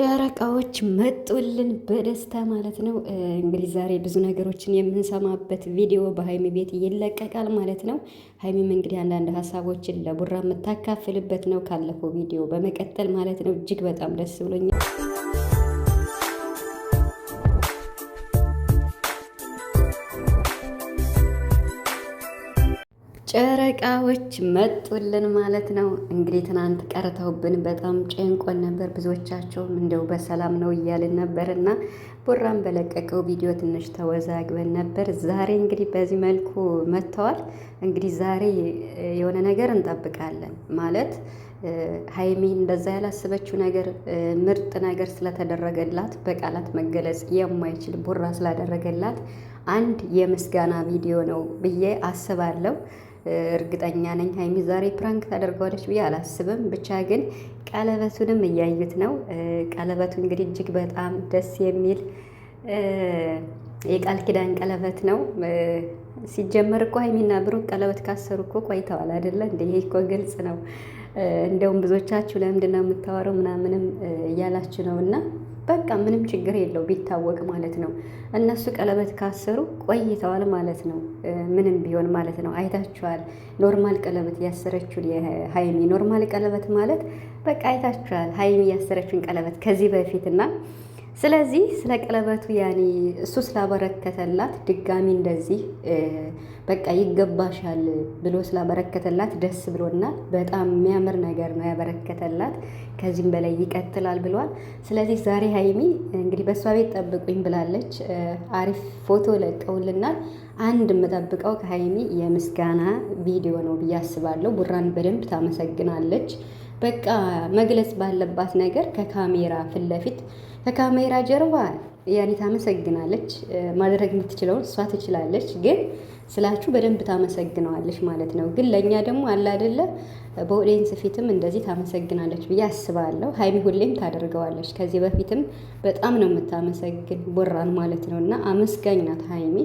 ጨረቃዎች መጡልን በደስታ ማለት ነው። እንግዲህ ዛሬ ብዙ ነገሮችን የምንሰማበት ቪዲዮ በሀይሚ ቤት ይለቀቃል ማለት ነው። ሀይሚም እንግዲህ አንዳንድ ሀሳቦችን ለቡራ የምታካፍልበት ነው ካለፈው ቪዲዮ በመቀጠል ማለት ነው። እጅግ በጣም ደስ ብሎኛል። ጨረቃዎች መጡልን ማለት ነው። እንግዲህ ትናንት ቀርተውብን በጣም ጨንቆን ነበር። ብዙዎቻቸውም እንደው በሰላም ነው እያልን ነበር እና ቡራን በለቀቀው ቪዲዮ ትንሽ ተወዛግበን ነበር። ዛሬ እንግዲህ በዚህ መልኩ መጥተዋል። እንግዲህ ዛሬ የሆነ ነገር እንጠብቃለን ማለት ሀይሚ እንደዛ ያላስበችው ነገር ምርጥ ነገር ስለተደረገላት በቃላት መገለጽ የማይችል ቡራ ስላደረገላት አንድ የምስጋና ቪዲዮ ነው ብዬ አስባለሁ። እርግጠኛ ነኝ ሀይሚ ዛሬ ፕራንክ ታደርገዋለች ብዬ አላስብም። ብቻ ግን ቀለበቱንም እያዩት ነው። ቀለበቱ እንግዲህ እጅግ በጣም ደስ የሚል የቃል ኪዳን ቀለበት ነው። ሲጀመር እኮ ሀይሚና ብሩክ ቀለበት ካሰሩ እኮ ቆይተዋል አይደለ? እንደ ይሄ እኮ ግልጽ ነው። እንደውም ብዙዎቻችሁ ለምንድን ነው የምታወረው ምናምንም እያላችሁ ነው እና በቃ ምንም ችግር የለው ቢታወቅ ማለት ነው። እነሱ ቀለበት ካሰሩ ቆይተዋል ማለት ነው። ምንም ቢሆን ማለት ነው። አይታችኋል። ኖርማል ቀለበት ያሰረችውን ሀይሚ ኖርማል ቀለበት ማለት በቃ አይታችኋል። ሀይሚ ያሰረችውን ቀለበት ከዚህ በፊት እና ስለዚህ ስለ ቀለበቱ ያኔ እሱ ስላበረከተላት ድጋሚ እንደዚህ በቃ ይገባሻል ብሎ ስላበረከተላት ደስ ብሎና በጣም የሚያምር ነገር ነው ያበረከተላት። ከዚህም በላይ ይቀጥላል ብሏል። ስለዚህ ዛሬ ሀይሚ እንግዲህ በእሷ ቤት ጠብቁኝ ብላለች። አሪፍ ፎቶ ለቀውልናል። አንድ የምጠብቀው ከሀይሚ የምስጋና ቪዲዮ ነው ብዬ አስባለሁ። ቡራን በደንብ ታመሰግናለች። በቃ መግለጽ ባለባት ነገር ከካሜራ ፊት ለፊት ከካሜራ ጀርባ ያኔ ታመሰግናለች። ማድረግ የምትችለውን እሷ ትችላለች ግን ስላችሁ በደንብ ታመሰግነዋለች ማለት ነው። ግን ለእኛ ደግሞ አለ አይደለ በኦዲየንስ ፊትም እንደዚህ ታመሰግናለች ብዬ አስባለሁ። ሀይሚ ሁሌም ታደርገዋለች። ከዚህ በፊትም በጣም ነው የምታመሰግን ቦራን ማለት ነው። እና አመስጋኝ ናት ሀይሚ።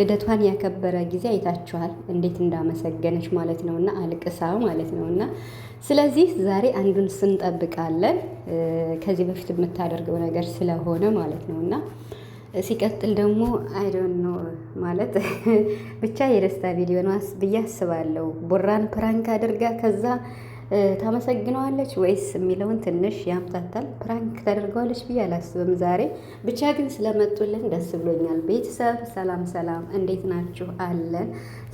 ልደቷን ያከበረ ጊዜ አይታችኋል እንዴት እንዳመሰገነች ማለት ነው። እና አልቅሳ ማለት ነው። እና ስለዚህ ዛሬ አንዱን ስንጠብቃለን ከዚህ በፊት የምታደርገው ነገር ስለሆነ ማለት ነው እና ሲቀጥል ደግሞ አይዶን ማለት ብቻ የደስታ ቪዲዮ ነው ብዬ አስባለሁ። ቦራን ፕራንክ አድርጋ ከዛ ታመሰግነዋለች ወይስ የሚለውን ትንሽ ያምታታል። ፕራንክ ተደርገዋለች ብዬ አላስብም ዛሬ። ብቻ ግን ስለመጡልን ደስ ብሎኛል። ቤተሰብ ሰላም ሰላም፣ እንዴት ናችሁ? አለን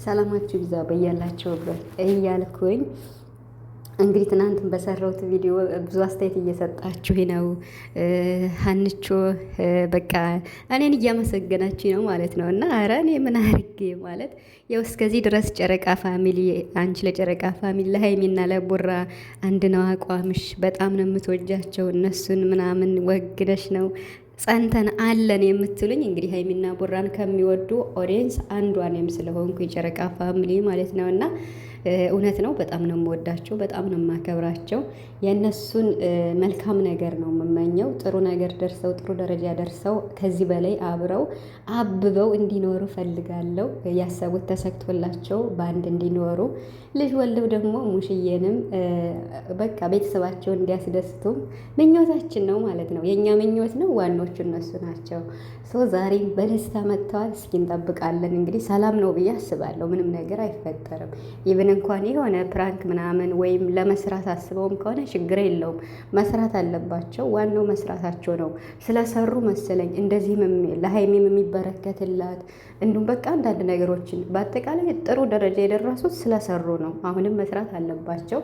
ሰላማችሁ ይብዛ በያላችሁበት እያልኩኝ እንግዲህ ትናንትን በሰራሁት ቪዲዮ ብዙ አስተያየት እየሰጣችሁ ነው። ሀንቾ በቃ እኔን እያመሰገናችሁ ነው ማለት ነው። እና ኧረ እኔ ምን አርጌ ማለት ያው እስከዚህ ድረስ ጨረቃ ፋሚሊ፣ አንቺ ለጨረቃ ፋሚሊ ለሀይሚና ለቡራ አንድ ነው አቋምሽ። በጣም ነው የምትወጃቸው እነሱን ምናምን ወግደሽ ነው ጸንተን አለን የምትሉኝ እንግዲህ ሀይሚና ቡራን ከሚወዱ ኦዲየንስ አንዷ እኔም ስለሆንኩ የጨረቃ ፋሚሊ ማለት ነው እና እውነት ነው። በጣም ነው የምወዳቸው፣ በጣም ነው የማከብራቸው። የእነሱን መልካም ነገር ነው የምመኘው። ጥሩ ነገር ደርሰው ጥሩ ደረጃ ደርሰው ከዚህ በላይ አብረው አብበው እንዲኖሩ ፈልጋለሁ። ያሰቡት ተሰክቶላቸው በአንድ እንዲኖሩ ልጅ ወልደው ደግሞ ሙሽዬንም በቃ ቤተሰባቸው እንዲያስደስቱ ምኞታችን ነው ማለት ነው። የእኛ ምኞት ነው። ዋናዎቹ እነሱ ናቸው። ሶ ዛሬ በደስታ መጥተዋል። እስኪ እንጠብቃለን። እንግዲህ ሰላም ነው ብዬ አስባለሁ። ምንም ነገር አይፈጠርም። ግን እንኳን የሆነ ፕራንክ ምናምን ወይም ለመስራት አስበውም ከሆነ ችግር የለውም። መስራት አለባቸው። ዋናው መስራታቸው ነው። ስለሰሩ መሰለኝ እንደዚህም ለሀይሜም የሚበረከትላት እንዲሁም በቃ አንዳንድ ነገሮችን በአጠቃላይ ጥሩ ደረጃ የደረሱት ስለሰሩ ነው። አሁንም መስራት አለባቸው።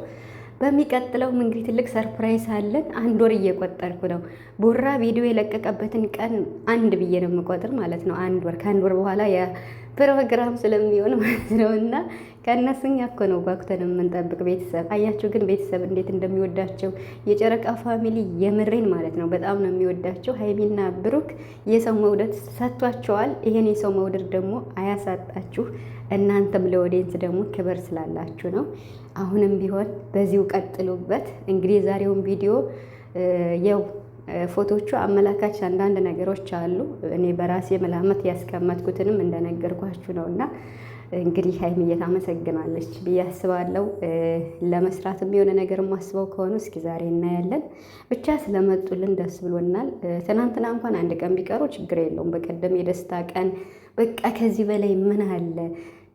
በሚቀጥለውም እንግዲህ ትልቅ ሰርፕራይዝ አለን። አንድ ወር እየቆጠርኩ ነው። ቡራ ቪዲዮ የለቀቀበትን ቀን አንድ ብዬ ነው የምቆጥር ማለት ነው። አንድ ወር ከአንድ ወር በኋላ የፕሮግራም ስለሚሆን ማለት ነው እና ከእነሱ እኛ እኮ ነው ጓጉተን የምንጠብቅ ቤተሰብ። አያችሁ ግን ቤተሰብ እንዴት እንደሚወዳቸው የጨረቃ ፋሚሊ የምሬን ማለት ነው። በጣም ነው የሚወዳቸው። ሀይሚና ብሩክ የሰው መውደድ ሰጥቷቸዋል። ይሄን የሰው መውደድ ደግሞ አያሳጣችሁ። እናንተም ለወዴንስ ደግሞ ክብር ስላላችሁ ነው። አሁንም ቢሆን በዚሁ ቀጥሉበት። እንግዲህ የዛሬውን ቪዲዮ የው ፎቶቹ አመላካች አንዳንድ ነገሮች አሉ። እኔ በራሴ መላመት ያስቀመጥኩትንም እንደነገርኳችሁ ነው እና እንግዲህ ሀይሚዬ ታመሰግናለች ብዬ አስባለሁ። ለመስራትም የሆነ ነገር ማስበው ከሆኑ እስኪ ዛሬ እናያለን። ብቻ ስለመጡልን ደስ ብሎናል። ትናንትና እንኳን አንድ ቀን ቢቀሩ ችግር የለውም። በቀደም የደስታ ቀን በቃ ከዚህ በላይ ምን አለ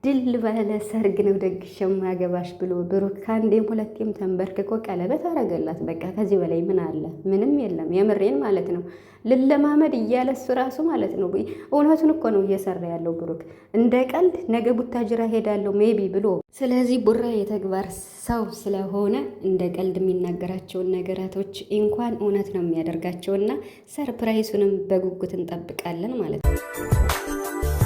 ድል ባለ ሰርግ ነው ደግሼም አገባሽ ብሎ ብሩክ ከአንዴም ሁለቴም ተንበርክኮ ቀለበት አረገላት። በቃ ከዚህ በላይ ምን አለ? ምንም የለም። የምሬን ማለት ነው። ልለማመድ እያለ እሱ ራሱ ማለት ነው። እውነቱን እኮ ነው እየሰራ ያለው ብሩክ። እንደ ቀልድ ነገ ቡታጅራ ሄዳለሁ ሜቢ ብሎ ስለዚህ ቡራ የተግባር ሰው ስለሆነ እንደ ቀልድ የሚናገራቸውን ነገራቶች እንኳን እውነት ነው የሚያደርጋቸውና ሰርፕራይሱንም በጉጉት እንጠብቃለን ማለት ነው።